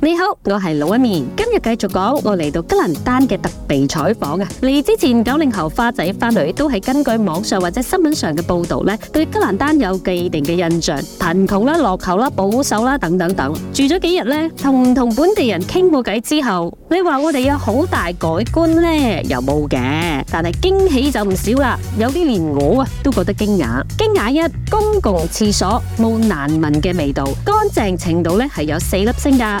你好，我係老一面，今日繼續講，我嚟到吉蘭丹嘅特備採訪啊！嚟之前九零後花仔返嚟都係根據網上或者新聞上嘅報道咧，對吉蘭丹有既定嘅印象，貧窮啦、落後啦、保守啦等等等。住咗幾日咧，同唔同本地人傾過偈之後，你話我哋有好大改觀咧？又冇嘅，但係驚喜就唔少啦，有啲連我啊都覺得驚訝。驚訝一，公共廁所冇難聞嘅味道，乾淨程度咧係有四粒星噶。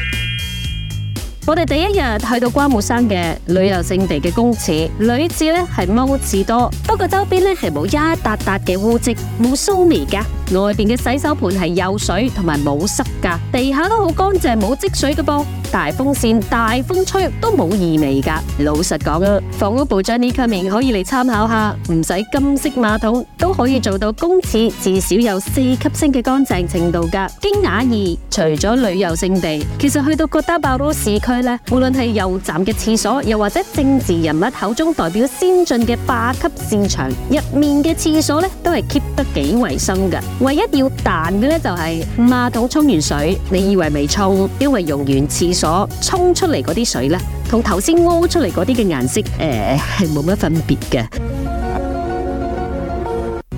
我哋第一日去到關務山嘅旅遊勝地嘅公廁，女廁咧係踎廁多，不過周邊咧係冇一笪笪嘅污漬，冇騷味噶外邊嘅洗手盆係有水同埋冇濕噶，地下都好乾淨，冇積水噶噃大風扇大風吹都冇異味噶老實講啊，房屋部長呢方面可以嚟參考一下，唔使金色馬桶都可以做到公廁至少有四級星嘅乾淨程度噶驚訝二，除咗旅遊勝地，其實去到哥打峇魯市區。是的，無論係油站嘅廁所，又或者政治人物口中代表先進嘅霸級市場，入面嘅廁所咧都係 keep 得幾衛生噶。唯一要彈嘅咧就係馬桶沖完水，你以為未沖？因為用完廁所沖出嚟嗰啲水咧，同頭先屙出嚟嗰啲嘅顏色，誒係冇乜分別嘅。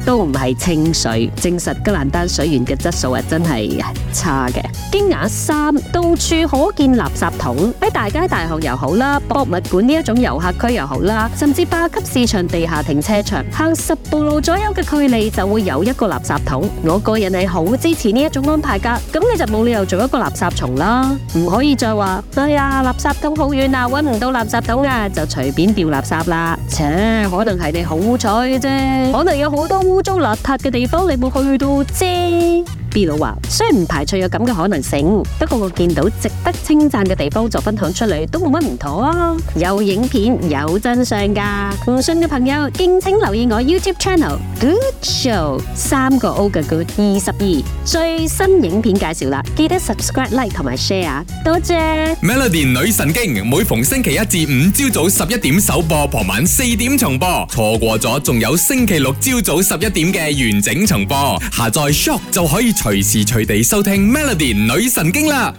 都唔係清水，證實吉蘭丹水源嘅質素啊，真係差嘅。驚訝三，到處可見垃圾桶，喺大街大巷又好啦，博物館呢一種遊客區又好啦，甚至霸級市場地下停車場，行十步路左右嘅距離就會有一個垃圾桶。我個人係好支持呢一種安排噶，咁你就冇理由做一個垃圾蟲啦，唔可以再話哎呀，垃圾桶好遠啊，搵唔到垃圾桶啊，就隨便掉垃圾啦。切，可能係你好彩啫，可能有好多。污糟邋遢嘅地方，你冇去到啫。B 佬話，雖然唔排除有咁嘅可能性，不過見到值得稱讚嘅地方就分享出嚟都冇乜唔妥啊！有影片有真相噶，唔信嘅朋友敬請留意我 YouTube Channel Good Show 三個 O 嘅 Good 二十二最新影片介紹啦，記得 Subscribe Like 同埋 Share，多謝 Melody 女神經每逢星期一至五朝早十一點首播，傍晚四點重播，錯過咗仲有星期六朝早十一點嘅完整重播，下載 Shop 就可以。隨時隨地收聽 Melody 女神經啦！